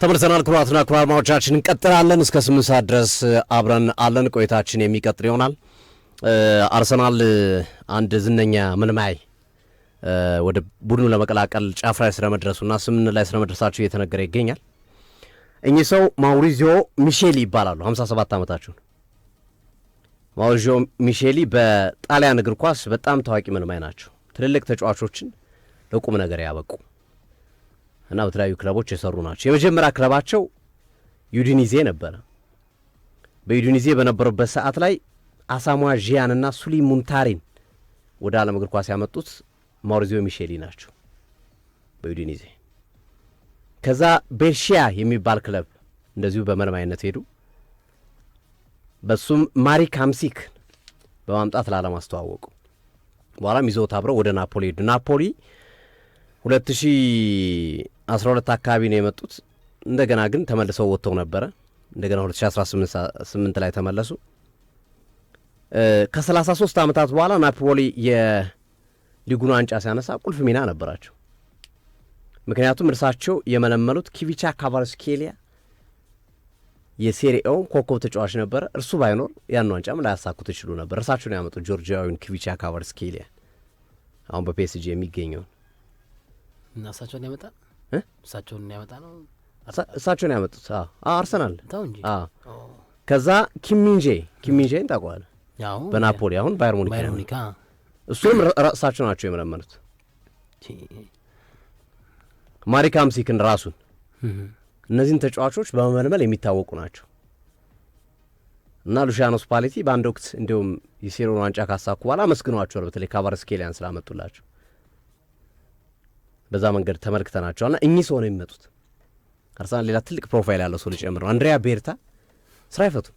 ተመልሰናል። ክቡራትና ክቡራን አድማጮቻችን እንቀጥላለን። እስከ ስምንት ሰዓት ድረስ አብረን አለን። ቆይታችን የሚቀጥል ይሆናል። አርሰናል አንድ ዝነኛ ምልማይ ወደ ቡድኑ ለመቀላቀል ጫፍ ላይ ስለመድረሱና ስምን ላይ ስለመድረሳቸው እየተነገረ ይገኛል። እኚህ ሰው ማውሪዚዮ ሚሼሊ ይባላሉ። 57 ዓመታቸውን ማውሪዚዮ ሚሼሊ በጣሊያን እግር ኳስ በጣም ታዋቂ ምልማይ ናቸው። ትልልቅ ተጫዋቾችን ለቁም ነገር ያበቁ እና በተለያዩ ክለቦች የሰሩ ናቸው። የመጀመሪያ ክለባቸው ዩዲኒዜ ነበረ። በዩዲኒዜ በነበሩበት ሰዓት ላይ አሳሟ ዢያንና ሱሊ ሙንታሪን ወደ ዓለም እግር ኳስ ያመጡት ማውሪዚዮ ሚሼሊ ናቸው በዩዲኒዜ። ከዛ ቤርሺያ የሚባል ክለብ እንደዚሁ በመልማይነት ሄዱ። በሱም ማሪ ካምሲክ በማምጣት ለዓለም አስተዋወቁ። በኋላም ይዘውት አብረው ወደ ናፖሊ ሄዱ። ናፖሊ 2000 አስራ ሁለት አካባቢ ነው የመጡት። እንደገና ግን ተመልሰው ወጥተው ነበረ። እንደገና 2018 ላይ ተመለሱ። ከ33 ዓመታት በኋላ ናፖሊ የሊጉን ዋንጫ ሲያነሳ ቁልፍ ሚና ነበራቸው። ምክንያቱም እርሳቸው የመለመሉት ኪቪቻ ካቫርስኬሊያ የሴሪኤው ኮከብ ተጫዋች ነበረ። እርሱ ባይኖር ያን ዋንጫም ላያሳኩት ይችሉ ነበር። እርሳቸው ነው ያመጡት ጆርጂያዊን ኪቪቻ ካቫርስኬሊያ አሁን በፒኤስጂ የሚገኘውን እና እሳቸውን ያመጣል እሳቸውን ያመጣ ነው እሳቸውን ያመጡት አርሰናል ከዛ ኪሚንጄ ኪሚንጄን ታውቀዋለህ በናፖሊ አሁን ባየር ሙኒክ እሱንም እሳቸው ናቸው የመለመሉት ማሪክ ራሱን እነዚህን ተጫዋቾች በመመልመል የሚታወቁ ናቸው እና ሉሺያኖ ስፓሌቲ በአንድ ወቅት እንዲሁም የሴሮን ዋንጫ ካሳኩ በኋላ አመስግኗቸዋል በተለይ ካቫርስኬሊያን ስላመጡላቸው በዛ መንገድ ና እኚህ ሰው ነው የሚመጡት። አርሰናል ሌላ ትልቅ ፕሮፋይል ያለው ሰው ሊጨምር ነው። አንድሪያ ቤርታ ስራ አይፈቱም።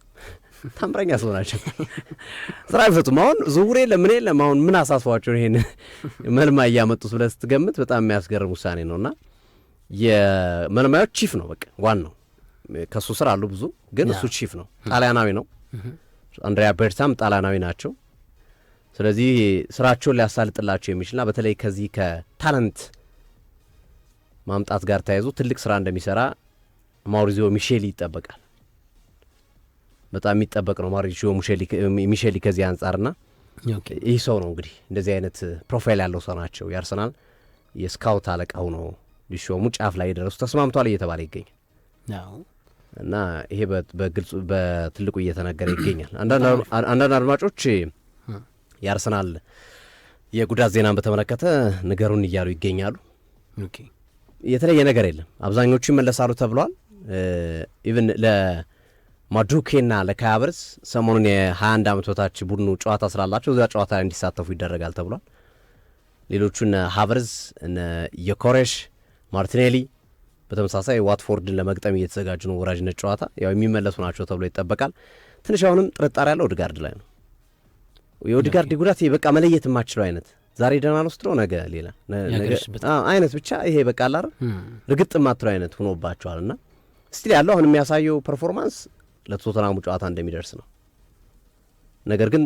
ታምረኛ ሰው ናቸው። ስራ አይፈቱም። አሁን ዝውውር የለም ምን የለም። አሁን ምን አሳስቧቸው ይሄን መልማ እያመጡት ብለህ ስትገምት በጣም የሚያስገርም ውሳኔ ነውና የመልማዮች ቺፍ ነው በቃ ዋናው። ከእሱ ስር አሉ ብዙ፣ ግን እሱ ቺፍ ነው። ጣሊያናዊ ነው። አንድሪያ ቤርታም ጣሊያናዊ ናቸው። ስለዚህ ስራቸውን ሊያሳልጥላቸው የሚችልና በተለይ ከዚህ ከታለንት ማምጣት ጋር ተያይዞ ትልቅ ስራ እንደሚሰራ ማውሪዚዮ ሚሼሊ ይጠበቃል። በጣም የሚጠበቅ ነው ማውሪዚዮ ሚሼሊ ከዚህ አንጻርና ይህ ሰው ነው እንግዲህ እንደዚህ አይነት ፕሮፋይል ያለው ሰው ናቸው የአርሰናል የስካውት አለቃ ሆነው ሊሾሙ ጫፍ ላይ የደረሱ ተስማምቷል እየተባለ ይገኛል እና ይሄ በግልጽ በትልቁ እየተነገረ ይገኛል። አንዳንድ አድማጮች የአርሰናል የጉዳት ዜናን በተመለከተ ንገሩን እያሉ ይገኛሉ። የተለየ ነገር የለም። አብዛኞቹ ይመለሳሉ ተብሏል። ኢቭን ለማዱኬና ለካያብርስ ሰሞኑን የ21 ዓመት በታች ቡድኑ ጨዋታ ስላላቸው እዚያ ጨዋታ ላይ እንዲሳተፉ ይደረጋል ተብሏል። ሌሎቹ እነ ሀቨርዝ እነ የኮሬሽ ማርቲኔሊ በተመሳሳይ ዋትፎርድን ለመግጠም እየተዘጋጁ ነው። ወራጅነት ጨዋታ ያው የሚመለሱ ናቸው ተብሎ ይጠበቃል። ትንሽ አሁንም ጥርጣሬ ያለው ኦድጋርድ ላይ ነው። የኦድጋርድ ጉዳት በቃ መለየት የማችለው አይነት ዛሬ ደህና ነው ነገ ሌላ አይነት ብቻ ይሄ በቃ አላር እርግጥ ማትሮ አይነት ሆኖባቸዋል። ና ስቲል ያለው አሁን የሚያሳየው ፐርፎርማንስ ለቶተናሙ ጨዋታ እንደሚደርስ ነው። ነገር ግን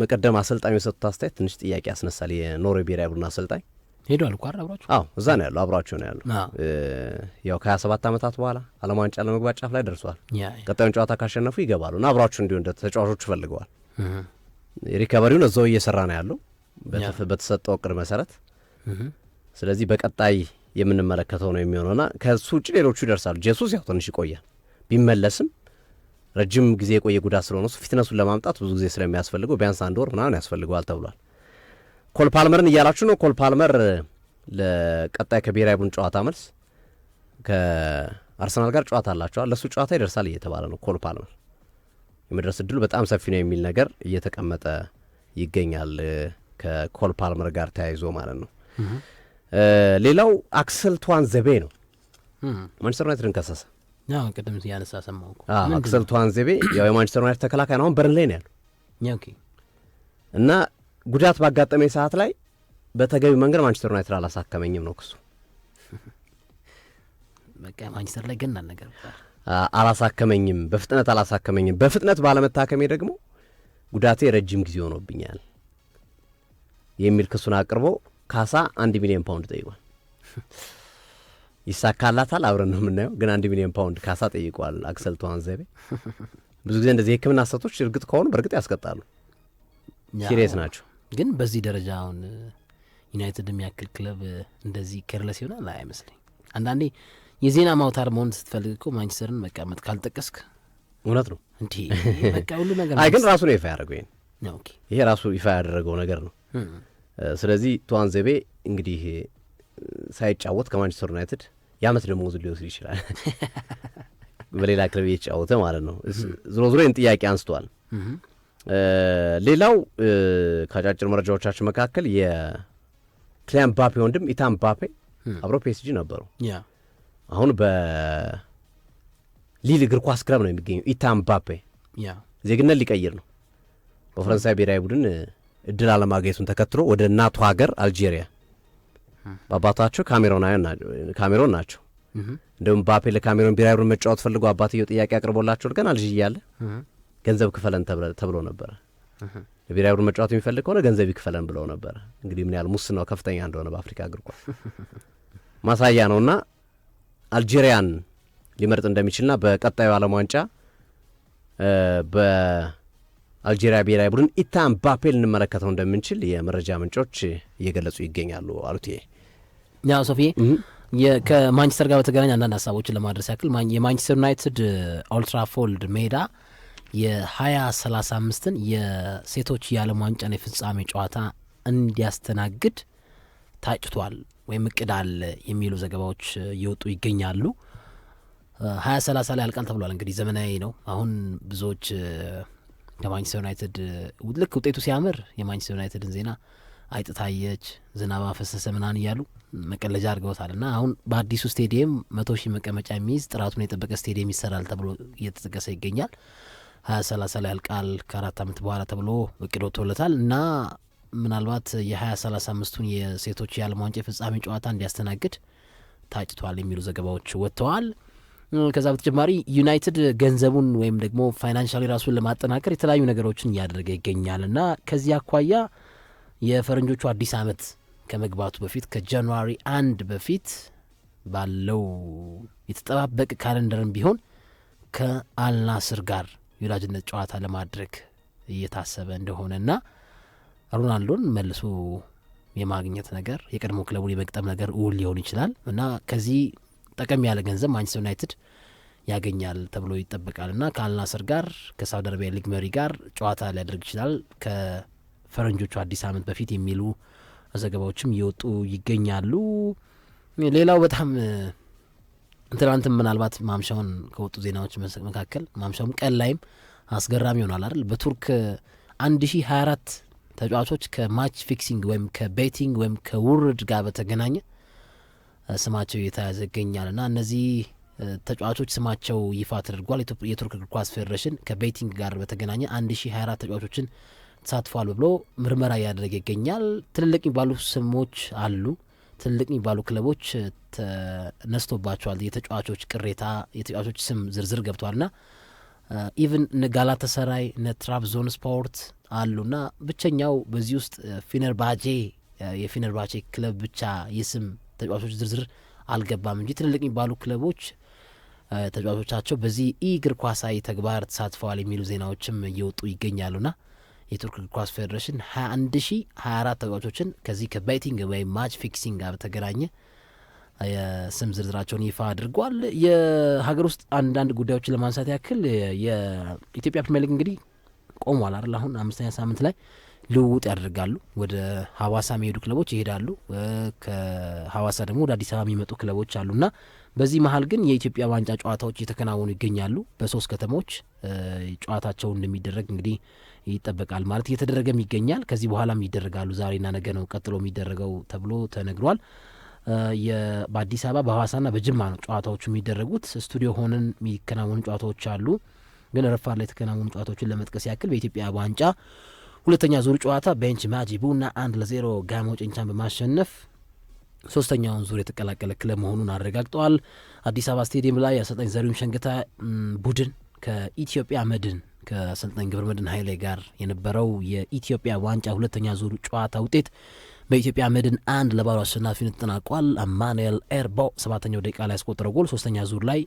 መቀደም አሰልጣኙ የሰጡት አስተያየት ትንሽ ጥያቄ ያስነሳል። የኖሮ ብሔራዊ ቡድን አሰልጣኝ ሄደዋል እኮ አብሯቸው። አዎ እዛ ነው ያለው፣ አብሯቸው ነው ያለው። ያው ከሀያ ሰባት ዓመታት በኋላ ዓለም ዋንጫ ለመግባት ጫፍ ላይ ደርሷል። ቀጣዩን ጨዋታ ካሸነፉ ይገባሉ እና አብሯቸው እንዲሁ እንደ ተጫዋቾች ፈልገዋል። ሪከቨሪውን እዛው እየሰራ ነው ያለው በተሰጠው እቅድ መሰረት። ስለዚህ በቀጣይ የምንመለከተው ነው የሚሆነውና ከሱ ውጭ ሌሎቹ ይደርሳሉ። ጄሱስ ያው ትንሽ ይቆያል ቢመለስም ረጅም ጊዜ የቆየ ጉዳት ስለሆነ እሱ ፊትነሱን ለማምጣት ብዙ ጊዜ ስለሚያስፈልገው ቢያንስ አንድ ወር ምናምን ያስፈልገዋል ተብሏል። ኮልፓልመርን እያላችሁ ነው። ኮልፓልመር ለቀጣይ ከብሔራዊ ቡድን ጨዋታ መልስ ከአርሰናል ጋር ጨዋታ አላቸዋል። ለእሱ ጨዋታ ይደርሳል እየተባለ ነው። ኮልፓልመር የመድረስ እድሉ በጣም ሰፊ ነው የሚል ነገር እየተቀመጠ ይገኛል። ከኮል ፓልመር ጋር ተያይዞ ማለት ነው። ሌላው አክሰል ቷን ዘቤ ነው ማንቸስተር ዩናይትድን ከሰሰ። ቅድም ያነሳ ሰማሁ። አክሰል ቷን ዘቤ ያው የማንቸስተር ዩናይትድ ተከላካይ ነው፣ አሁን በርንሌይ ነው ያሉ እና ጉዳት ባጋጠመ ሰዓት ላይ በተገቢ መንገድ ማንቸስተር ዩናይትድ አላሳከመኝም ነው ክሱ። በቃ ማንቸስተር ላይ ገና ነገር አላሳከመኝም፣ በፍጥነት አላሳከመኝም። በፍጥነት ባለመታከሜ ደግሞ ጉዳቴ ረጅም ጊዜ ሆኖብኛል። የሚል ክሱን አቅርቦ ካሳ አንድ ሚሊዮን ፓውንድ ጠይቋል። ይሳካላታል? አብረን ነው የምናየው። ግን አንድ ሚሊዮን ፓውንድ ካሳ ጠይቋል አክሰል ተዋንዘቤ። ብዙ ጊዜ እንደዚህ የህክምና ሐሰቶች እርግጥ ከሆኑ በእርግጥ ያስቀጣሉ። ሲሪየስ ናቸው። ግን በዚህ ደረጃ አሁን ዩናይትድ የሚያክል ክለብ እንደዚህ ኬርለስ ይሆናል አይመስለኝ። አንዳንዴ የዜና ማውታር መሆን ስትፈልግ እኮ ማንቸስተርን መቀመጥ ካልጠቀስክ እውነት ነው እንዲ በቃ ሁሉ ነገር አይ ግን ራሱ ነው ይፋ ያደረገው ይሄ ራሱ ይፋ ያደረገው ነገር ነው። ስለዚህ ዘቤ እንግዲህ ሳይጫወት ከማንቸስተር ዩናይትድ የአመት ደሞዝ ሊወስድ ይችላል፣ በሌላ ክለብ እየተጫወተ ማለት ነው። ዝሮ ዞሮ ይህን ጥያቄ አንስተዋል። ሌላው ከአጫጭር መረጃዎቻችን መካከል የክሊያን ባፔ ወንድም ኢታን ባፔ አብሮ ፒኤስጂ ነበሩ። አሁን በሊል እግር ኳስ ክለብ ነው የሚገኘው። ኢታን ባፔ ዜግነት ሊቀይር ነው። በፈረንሳይ ብሔራዊ ቡድን እድል አለማግኘቱን ተከትሎ ወደ እናቱ ሀገር አልጄሪያ አባታቸው ካሜሮን ናቸው። እንደውም ባፔ ለካሜሮን ብሔራዊ ቡድን መጫወት ፈልጎ አባትየው ጥያቄ አቅርቦላቸው እርገን ልጅ እያለ ገንዘብ ክፈለን ተብሎ ነበረ። ብሔራዊ ቡድን መጫወት የሚፈልግ ከሆነ ገንዘብ ይክፈለን ብለው ነበረ። እንግዲህ ምን ያህል ሙስናው ከፍተኛ እንደሆነ በአፍሪካ እግር ኳስ ማሳያ ነውና አልጄሪያን ሊመርጥ እንደሚችልና በቀጣዩ ዓለም ዋንጫ በ አልጄሪያ ብሔራዊ ቡድን ኢታን ባፔ ልንመለከተው እንደምንችል የመረጃ ምንጮች እየገለጹ ይገኛሉ። አሉት ያ ሶፊ ከማንቸስተር ጋር በተገናኝ አንዳንድ ሀሳቦችን ለማድረስ ያክል የማንቸስተር ዩናይትድ ኦልትራፎልድ ሜዳ የሀያ ሰላሳ አምስትን የሴቶች የዓለም ዋንጫን የፍጻሜ ጨዋታ እንዲያስተናግድ ታጭቷል ወይም እቅድ አለ የሚሉ ዘገባዎች እየወጡ ይገኛሉ። ሀያ ላይ ያልቃል ተብሏል። እንግዲህ ዘመናዊ ነው። አሁን ብዙዎች ለማንቸስተር ዩናይትድ ልክ ውጤቱ ሲያምር የማንቸስተር ዩናይትድን ዜና አይጥታየች ዝናብ አፈሰሰ ምናምን እያሉ መቀለጃ አድርገውታል እና አሁን በአዲሱ ስቴዲየም መቶ ሺህ መቀመጫ የሚይዝ ጥራቱን የጠበቀ ስቴዲየም ይሰራል ተብሎ እየተጠቀሰ ይገኛል። ሀያ ሰላሳ ላይ ያልቃል ከአራት ዓመት በኋላ ተብሎ እቅድ ወጥቶለታል እና ምናልባት የሀያ ሰላሳ አምስቱን የሴቶች የዓለም ዋንጫ የፍጻሜ ጨዋታ እንዲያስተናግድ ታጭቷል የሚሉ ዘገባዎች ወጥተዋል። ከዛ በተጨማሪ ዩናይትድ ገንዘቡን ወይም ደግሞ ፋይናንሻሊ ራሱን ለማጠናከር የተለያዩ ነገሮችን እያደረገ ይገኛል እና ከዚህ አኳያ የፈረንጆቹ አዲስ ዓመት ከመግባቱ በፊት ከጃንዋሪ አንድ በፊት ባለው የተጠባበቀ ካለንደርም ቢሆን ከአልናስር ጋር የወዳጅነት ጨዋታ ለማድረግ እየታሰበ እንደሆነ ሮናልዶን መልሶ የማግኘት ነገር የቀድሞ ክለቡን የመግጠም ነገር ውል ሊሆን ይችላል እና ከዚህ ጠቀም ያለ ገንዘብ ማንቸስተር ዩናይትድ ያገኛል ተብሎ ይጠበቃል እና ከአልናስር ጋር ከሳውዲ አረቢያ ሊግ መሪ ጋር ጨዋታ ሊያደርግ ይችላል ከፈረንጆቹ አዲስ ዓመት በፊት የሚሉ ዘገባዎችም እየወጡ ይገኛሉ። ሌላው በጣም ትናንትም ምናልባት ማምሻውን ከወጡ ዜናዎች መካከል ማምሻውም ቀን ላይም አስገራሚ ይሆናል አይደል በቱርክ አራት ተጫዋቾች ከማች ፊክሲንግ ወይም ከቤቲንግ ወይም ከውርድ ጋር በተገናኘ ስማቸው እየተያዘ ይገኛል ና እነዚህ ተጫዋቾች ስማቸው ይፋ ተደርጓል። የቱርክ እግር ኳስ ፌዴሬሽን ከቤቲንግ ጋር በተገናኘ 1024 ተጫዋቾችን ተሳትፏል ብሎ ምርመራ እያደረገ ይገኛል። ትልልቅ የሚባሉ ስሞች አሉ። ትልልቅ የሚባሉ ክለቦች ተነስቶባቸዋል። የተጫዋቾች ቅሬታ የተጫዋቾች ስም ዝርዝር ገብቷልና ኢቭን ጋላተሰራይ ነትራብ ዞን ስፖርት ና ብቸኛው በዚህ ውስጥ ፊነርባቼ የፊነርባቼ ክለብ ብቻ የስም ተጫዋቾች ዝርዝር አልገባም እንጂ ትልልቅ የሚባሉ ክለቦች ተጫዋቾቻቸው በዚህ እግር ኳሳዊ ተግባር ተሳትፈዋል የሚሉ ዜናዎችም እየወጡ ይገኛሉና የቱርክ እግር ኳስ ፌዴሬሽን 2124 ተጫዋቾችን ከዚህ ከባይቲንግ ወይም ማች ፊክሲንግ ጋር በተገናኘ የስም ዝርዝራቸውን ይፋ አድርጓል። የሀገር ውስጥ አንዳንድ ጉዳዮችን ለማንሳት ያክል የኢትዮጵያ ፕሪሚየር ሊግ እንግዲህ ቆሟል አይደል? አሁን አምስተኛ ሳምንት ላይ ልውውጥ ያደርጋሉ። ወደ ሀዋሳ የሚሄዱ ክለቦች ይሄዳሉ። ከሀዋሳ ደግሞ ወደ አዲስ አበባ የሚመጡ ክለቦች አሉና በዚህ መሀል ግን የኢትዮጵያ ዋንጫ ጨዋታዎች እየተከናወኑ ይገኛሉ። በሶስት ከተሞች ጨዋታቸው እንደሚደረግ እንግዲህ ይጠበቃል ማለት እየተደረገም ይገኛል። ከዚህ በኋላም ይደረጋሉ። ዛሬና ነገ ነው ቀጥሎ የሚደረገው ተብሎ ተነግሯል። በአዲስ አበባ በሀዋሳና በጅማ ነው ጨዋታዎቹ የሚደረጉት። ስቱዲዮ ሆነን የሚከናወኑ ጨዋታዎች አሉ። ግን ረፋድ ላይ የተከናወኑ ጨዋታዎችን ለመጥቀስ ያክል በኢትዮጵያ ዋንጫ ሁለተኛ ዙር ጨዋታ ቤንች ማጂ ቡና አንድ ለዜሮ ጋሞ ጭንቻን በማሸነፍ ሶስተኛውን ዙር የተቀላቀለ ክለብ መሆኑን አረጋግጠዋል። አዲስ አበባ ስቴዲየም ላይ አሰልጣኝ ዘሪሁን ሸንገታ ቡድን ከኢትዮጵያ መድን ከአሰልጣኝ ግብረ መድን ኃይሌ ጋር የነበረው የኢትዮጵያ ዋንጫ ሁለተኛ ዙር ጨዋታ ውጤት በኢትዮጵያ መድን አንድ ለባዶ አሸናፊነት ተጠናቋል። አማኑኤል ኤርቦ ሰባተኛው ደቂቃ ላይ ያስቆጠረው ጎል ሶስተኛ ዙር ላይ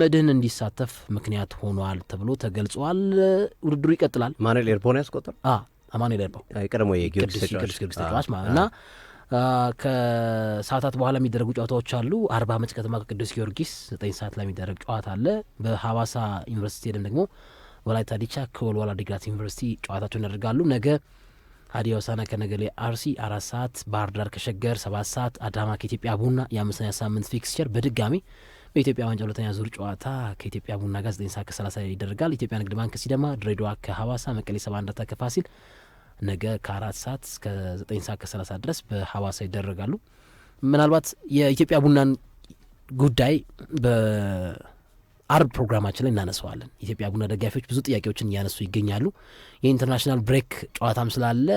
መድህን እንዲሳተፍ ምክንያት ሆኗል ተብሎ ተገልጿል። ውድድሩ ይቀጥላል። ማኑኤል ኤርፖን ያስቆጠር አማኑኤል ኤርቦ ቀድሞ የቅዱስ ተጫዋች ማለት እና ከሰዓታት በኋላ የሚደረጉ ጨዋታዎች አሉ። አርባ ምንጭ ከተማ ከቅዱስ ጊዮርጊስ ዘጠኝ ሰዓት ላይ የሚደረግ ጨዋታ አለ። በሀዋሳ ዩኒቨርሲቲ ደም ደግሞ ወላይታ ዲቻ ከወልዋላ ዲግራት ዩኒቨርሲቲ ጨዋታቸውን ያደርጋሉ። ነገ ሀዲያ ሆሳዕና ከነገሌ አርሲ አራት ሰዓት፣ ባህር ዳር ከሸገር ሰባት ሰዓት፣ አዳማ ከኢትዮጵያ ቡና የአምስተኛ ሳምንት ፊክስቸር በድጋሚ በኢትዮጵያ ዋንጫ ሁለተኛ ዙር ጨዋታ ከኢትዮጵያ ቡና ጋር ዘጠኝ ሰዓት ከሰላሳ ይደረጋል። ኢትዮጵያ ንግድ ባንክ ሲደማ፣ ድሬዳዋ ከሀዋሳ፣ መቀሌ ሰባ እንደርታ ከፋሲል ነገ ከአራት ሰዓት እስከ ዘጠኝ ሰዓት ከሰላሳ ድረስ በሀዋሳ ይደረጋሉ። ምናልባት የኢትዮጵያ ቡናን ጉዳይ በአርብ ፕሮግራማችን ላይ እናነሰዋለን። ኢትዮጵያ ቡና ደጋፊዎች ብዙ ጥያቄዎችን እያነሱ ይገኛሉ። የኢንተርናሽናል ብሬክ ጨዋታም ስላለ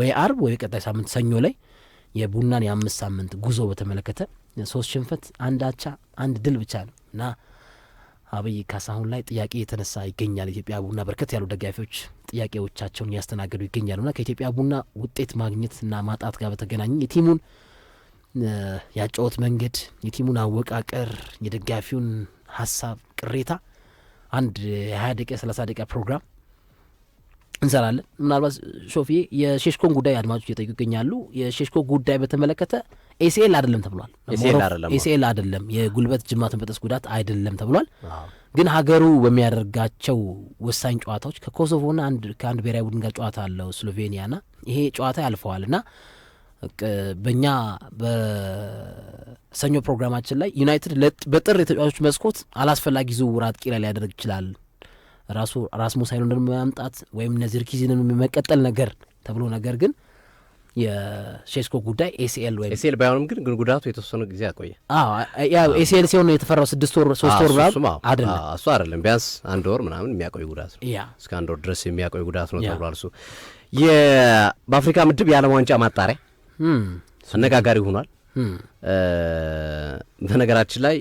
ወይ አርብ ወይ ቀጣይ ሳምንት ሰኞ ላይ የቡናን የአምስት ሳምንት ጉዞ በተመለከተ ሶስት ሽንፈት፣ አንድ አቻ፣ አንድ ድል ብቻ ነው እና አብይ ካሳሁን ላይ ጥያቄ የተነሳ ይገኛል። ኢትዮጵያ ቡና በርከት ያሉ ደጋፊዎች ጥያቄዎቻቸውን እያስተናገዱ ይገኛሉና ከኢትዮጵያ ቡና ውጤት ማግኘትና ማጣት ጋር በተገናኘ የቲሙን ያጫወት መንገድ፣ የቲሙን አወቃቀር፣ የደጋፊውን ሀሳብ ቅሬታ አንድ የሀያ ደቂቃ ሰላሳ ደቂቃ ፕሮግራም እንሰራለን። ምናልባት ሾፊዬ የሼሽኮን ጉዳይ አድማጮች እየጠየቁ ይገኛሉ። የሼሽኮ ጉዳይ በተመለከተ ኤሲኤል አይደለም ተብሏል። ኤሲኤል አይደለም የጉልበት ጅማት መበጠስ ጉዳት አይደለም ተብሏል። ግን ሀገሩ በሚያደርጋቸው ወሳኝ ጨዋታዎች ከኮሶቮና ከአንድ ብሔራዊ ቡድን ጋር ጨዋታ አለው ና ይሄ ጨዋታ ያልፈዋል እና በእኛ በሰኞ ፕሮግራማችን ላይ ዩናይትድ በጥር የተጫዋቾች መስኮት አላስፈላጊ ዝውውር አጥቂ ላይ ሊያደርግ ይችላል ራሱ ራስሙስ ሆይሉንድን ማምጣት ወይም እነ ዚርክዚንን የመቀጠል ነገር ተብሎ ነገር ግን የሴስኮ ጉዳይ ኤሲኤል ወይም ኤሲኤል ባይሆንም ግን ግን ጉዳቱ የተወሰኑ ጊዜ አቆየ። ያው ኤሲኤል ሲሆን የተፈራው ስድስት ወር ሶስት ወር አደለ እሱ አደለም፣ ቢያንስ አንድ ወር ምናምን የሚያቆይ ጉዳት ነው። ያ እስከ አንድ ወር ድረስ የሚያቆይ ጉዳት ነው ተብሏል። እሱ በአፍሪካ ምድብ የዓለም ዋንጫ ማጣሪያ አነጋጋሪ ሆኗል። በነገራችን ላይ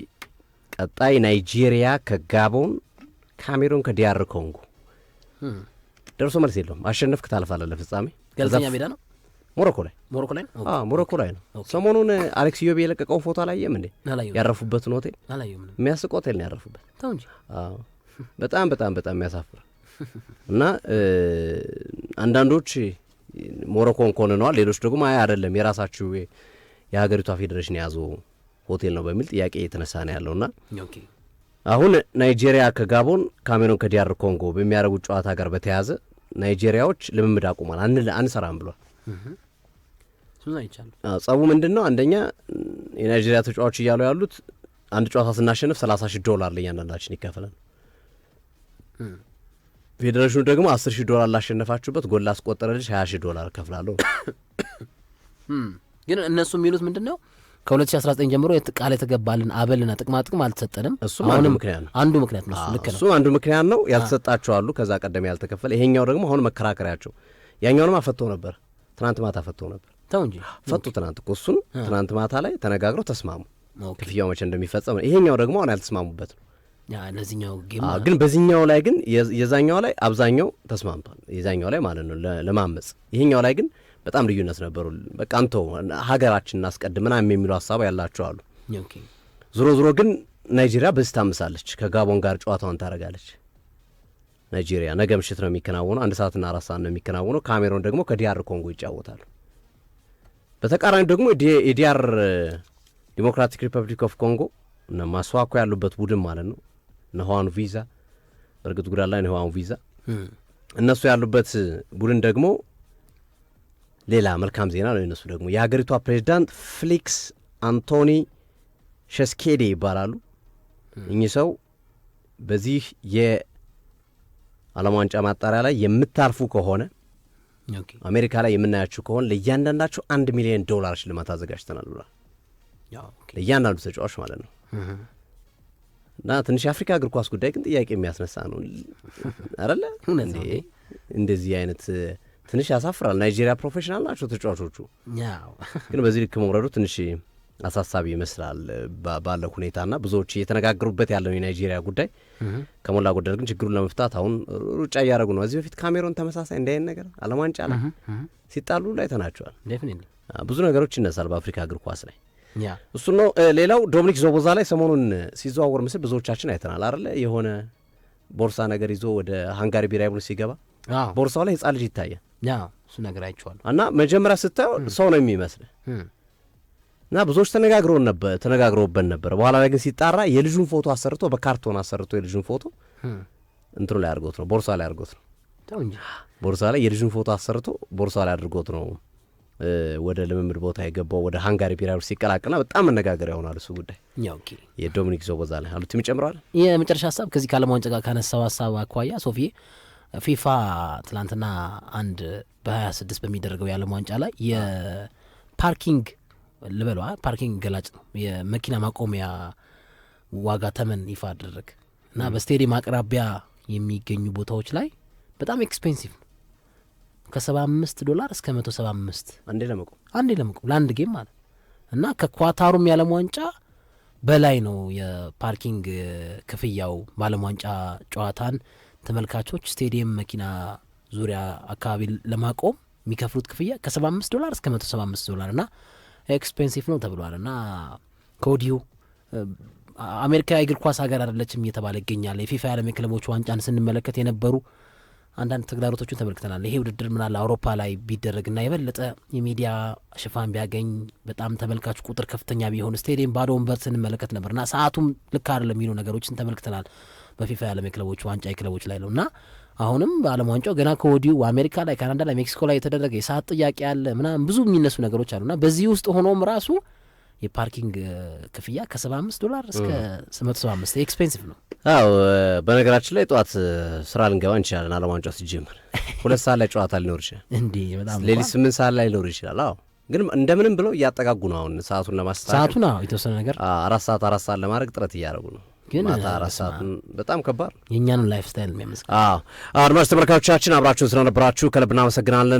ቀጣይ ናይጄሪያ ከጋቦን ካሜሩን ከዲያር ኮንጎ ደርሶ መልስ የለውም። አሸነፍ ታልፋለህ ለፍጻሜ። ገለልተኛ ሜዳ ነው። ሞሮኮ ላይ ሞሮኮ ላይ ነው። ሞሮኮ ላይ ነው። ሰሞኑን አሌክስ ዮቤ የለቀቀውን ፎቶ አላየም እንዴ? ያረፉበትን ሆቴል የሚያስቅ ሆቴል ነው ያረፉበት። በጣም በጣም በጣም የሚያሳፍር እና አንዳንዶች ሞሮኮን ኮንነዋል፣ ሌሎች ደግሞ አይ አይደለም የራሳችሁ የሀገሪቷ ፌዴሬሽን የያዘው ሆቴል ነው በሚል ጥያቄ የተነሳ ነው ያለውና አሁን ናይጄሪያ ከጋቦን፣ ካሜሮን ከዲያር ኮንጎ በሚያደርጉት ጨዋታ ጋር በተያያዘ ናይጄሪያዎች ልምምድ አቁሟል፣ አንሰራም ብሏል። ጸቡ ምንድን ነው? አንደኛ የናይጄሪያ ተጫዋቾች እያሉ ያሉት አንድ ጨዋታ ስናሸንፍ ሰላሳ ሺህ ዶላር ለእያንዳንዳችን ይከፈላል። ፌዴሬሽኑ ደግሞ አስ ሺህ ዶላር ላሸነፋችሁበት ጎል ላስቆጠረ ልጅ ሀያ ሺህ ዶላር እከፍላለሁ። ግን እነሱ የሚሉት ምንድን ነው ከ2019 ጀምሮ ቃል የተገባልን አበልና ጥቅማ ጥቅም አልተሰጠንም። እሱም አንዱ ምክንያት ነው። አንዱ ምክንያት ነው። ልክ ነው። እሱም አንዱ ምክንያት ነው። ያልተሰጣቸው አሉ፣ ከዛ ቀደም ያልተከፈለ። ይሄኛው ደግሞ አሁን መከራከሪያቸው። ያኛውንም አፈቶ ነበር፣ ትናንት ማታ አፈቶ ነበር። ተው እንጂ ፈቱ። ትናንት እኮ እሱን ትናንት ማታ ላይ ተነጋግረው ተስማሙ፣ ክፍያው መቼ እንደሚፈጸም። ይሄኛው ደግሞ አሁን ያልተስማሙበት ነው። ለዚኛው ግን በዚኛው ላይ ግን የዛኛው ላይ አብዛኛው ተስማምቷል፣ የዛኛው ላይ ማለት ነው ለማመፅ። ይሄኛው ላይ ግን በጣም ልዩነት ነበሩ። በቃ እንተው ሀገራችን እናስቀድም ምናምን የሚሉ ሀሳብ ያላቸው አሉ። ዞሮ ዞሮ ግን ናይጄሪያ በዚህ ታምሳለች። ከጋቦን ጋር ጨዋታዋን ታደርጋለች። ናይጄሪያ ነገ ምሽት ነው የሚከናወነው፣ አንድ ሰዓትና አራት ሰዓት ነው የሚከናወነው። ካሜሮን ደግሞ ከዲያር ኮንጎ ይጫወታሉ። በተቃራኒ ደግሞ የዲያር ዲሞክራቲክ ሪፐብሊክ ኦፍ ኮንጎ እነ ማስዋኮ ያሉበት ቡድን ማለት ነው እነ ህዋን ቪዛ በእርግጥ ጉዳት ላይ ህዋን ቪዛ እነሱ ያሉበት ቡድን ደግሞ ሌላ መልካም ዜና ነው። የነሱ ደግሞ የሀገሪቷ ፕሬዚዳንት ፊሊክስ አንቶኒ ሸስኬዴ ይባላሉ። እኚህ ሰው በዚህ የዓለም ዋንጫ ማጣሪያ ላይ የምታርፉ ከሆነ አሜሪካ ላይ የምናያችሁ ከሆነ ለእያንዳንዳችሁ አንድ ሚሊዮን ዶላር ሽልማት አዘጋጅተናል ብሏል። ለእያንዳንዱ ተጫዋች ማለት ነው። እና ትንሽ የአፍሪካ እግር ኳስ ጉዳይ ግን ጥያቄ የሚያስነሳ ነው አይደለ? እንደዚህ አይነት ትንሽ ያሳፍራል። ናይጄሪያ ፕሮፌሽናል ናቸው ተጫዋቾቹ፣ ግን በዚህ ልክ መውረዱ ትንሽ አሳሳቢ ይመስላል ባለው ሁኔታና ብዙዎች እየተነጋገሩበት ያለው የናይጄሪያ ጉዳይ ከሞላ ጎደል ግን ችግሩን ለመፍታት አሁን ሩጫ እያደረጉ ነው። ከዚህ በፊት ካሜሮን ተመሳሳይ እንዳይን ነገር ዓለም ዋንጫ ላይ ሲጣሉ ላይ ተናቸዋል። ብዙ ነገሮች ይነሳል በአፍሪካ እግር ኳስ ላይ እሱ ነው። ሌላው ዶሚኒክ ዞቦዛ ላይ ሰሞኑን ሲዘዋወር ምስል ብዙዎቻችን አይተናል አለ የሆነ ቦርሳ ነገር ይዞ ወደ ሃንጋሪ ብሔራዊ ቡድን ሲገባ ቦርሳው ላይ ሕፃን ልጅ ይታያል። እሱ ነግራችኋል። እና መጀመሪያ ስታየው ሰው ነው የሚመስልህ እና ብዙዎች ተነጋግረውበት ነበረ። በኋላ ላይ ግን ሲጣራ የልጁን ፎቶ አሰርቶ በካርቶን አሰርቶ የልጁን ፎቶ እንትኑ ላይ አድርጎት ነው ቦርሳ ላይ አድርጎት ነው ቦርሳ ላይ የልጁን ፎቶ አሰርቶ ቦርሳ ላይ አድርጎት ነው ወደ ልምምድ ቦታ የገባው ወደ ሃንጋሪ ብሔራዊ ሲቀላቅልና በጣም መነጋገር ይሆናል እሱ ጉዳይ። የዶሚኒክ ዞቦዛ ላይ አሉት ይጨምረዋል። የመጨረሻ ሀሳብ ከዚህ ከዓለም ዋንጫ ጋር ካነሳው ሀሳብ አኳያ ሶፊዬ ፊፋ ትላንትና አንድ በ26 በሚደረገው የዓለም ዋንጫ ላይ የፓርኪንግ ልበሏ ፓርኪንግ ገላጭ ነው የመኪና ማቆሚያ ዋጋ ተመን ይፋ አደረግ እና በስቴዲየም አቅራቢያ የሚገኙ ቦታዎች ላይ በጣም ኤክስፔንሲቭ ነው። ከሰባ አምስት ዶላር እስከ መቶ ሰባ አምስት አንዴ ለመቆም አንዴ ለመቆም ለአንድ ጌም ማለት እና ከኳታሩም የዓለም ዋንጫ በላይ ነው የፓርኪንግ ክፍያው በዓለም ዋንጫ ጨዋታን ተመልካቾች ስቴዲየም መኪና ዙሪያ አካባቢ ለማቆም የሚከፍሉት ክፍያ ከ75 ዶላር እስከ 175 ዶላር እና ኤክስፔንሲቭ ነው ተብሏል። እና ከወዲሁ አሜሪካ የእግር ኳስ ሀገር አይደለችም እየተባለ ይገኛል። የፊፋ የዓለም የክለቦች ዋንጫን ስንመለከት የነበሩ አንዳንድ ተግዳሮቶችን ተመልክተናል። ይሄ ውድድር ምናለ አውሮፓ ላይ ቢደረግና የበለጠ የሚዲያ ሽፋን ቢያገኝ በጣም ተመልካች ቁጥር ከፍተኛ ቢሆን ስቴዲየም ባዶ ወንበር ስንመለከት ነበርና ሰዓቱም ልክ አይደለም የሚሉ ነገሮችን ተመልክተናል። በፊፋ የዓለም የክለቦች ዋንጫ የክለቦች ላይ ነው እና አሁንም በዓለም ዋንጫው ገና ከወዲሁ አሜሪካ ላይ ካናዳ ላይ ሜክሲኮ ላይ የተደረገ የሰዓት ጥያቄ አለ ምናምን ብዙ የሚነሱ ነገሮች አሉና በዚህ ውስጥ ሆኖም ራሱ የፓርኪንግ ክፍያ ከ75 ዶላር እስከ 75 ኤክስፔንሲቭ ነው። አዎ በነገራችን ላይ ጠዋት ስራ ልንገባ እንችላለን። ዓለም ዋንጫ ሲጀምር ሁለት ሰዓት ላይ ጨዋታ ሊኖር ይችላል፣ ሌሊት ስምንት ሰዓት ላይ ሊኖር ይችላል። አዎ ግን እንደምንም ብለው እያጠጋጉ ነው። አሁን ሰዓቱን ለማስተካከል ሰዓቱን የተወሰነ ነገር አራት ሰዓት አራት ሰዓት ለማድረግ ጥረት እያደረጉ ነው። ግን ማታ በጣም ከባድ የእኛንም ላይፍ ስታይል የሚያመስገ አድማጭ ተመልካቾቻችን አብራችሁን ስለነበራችሁ ከልብ እናመሰግናለን።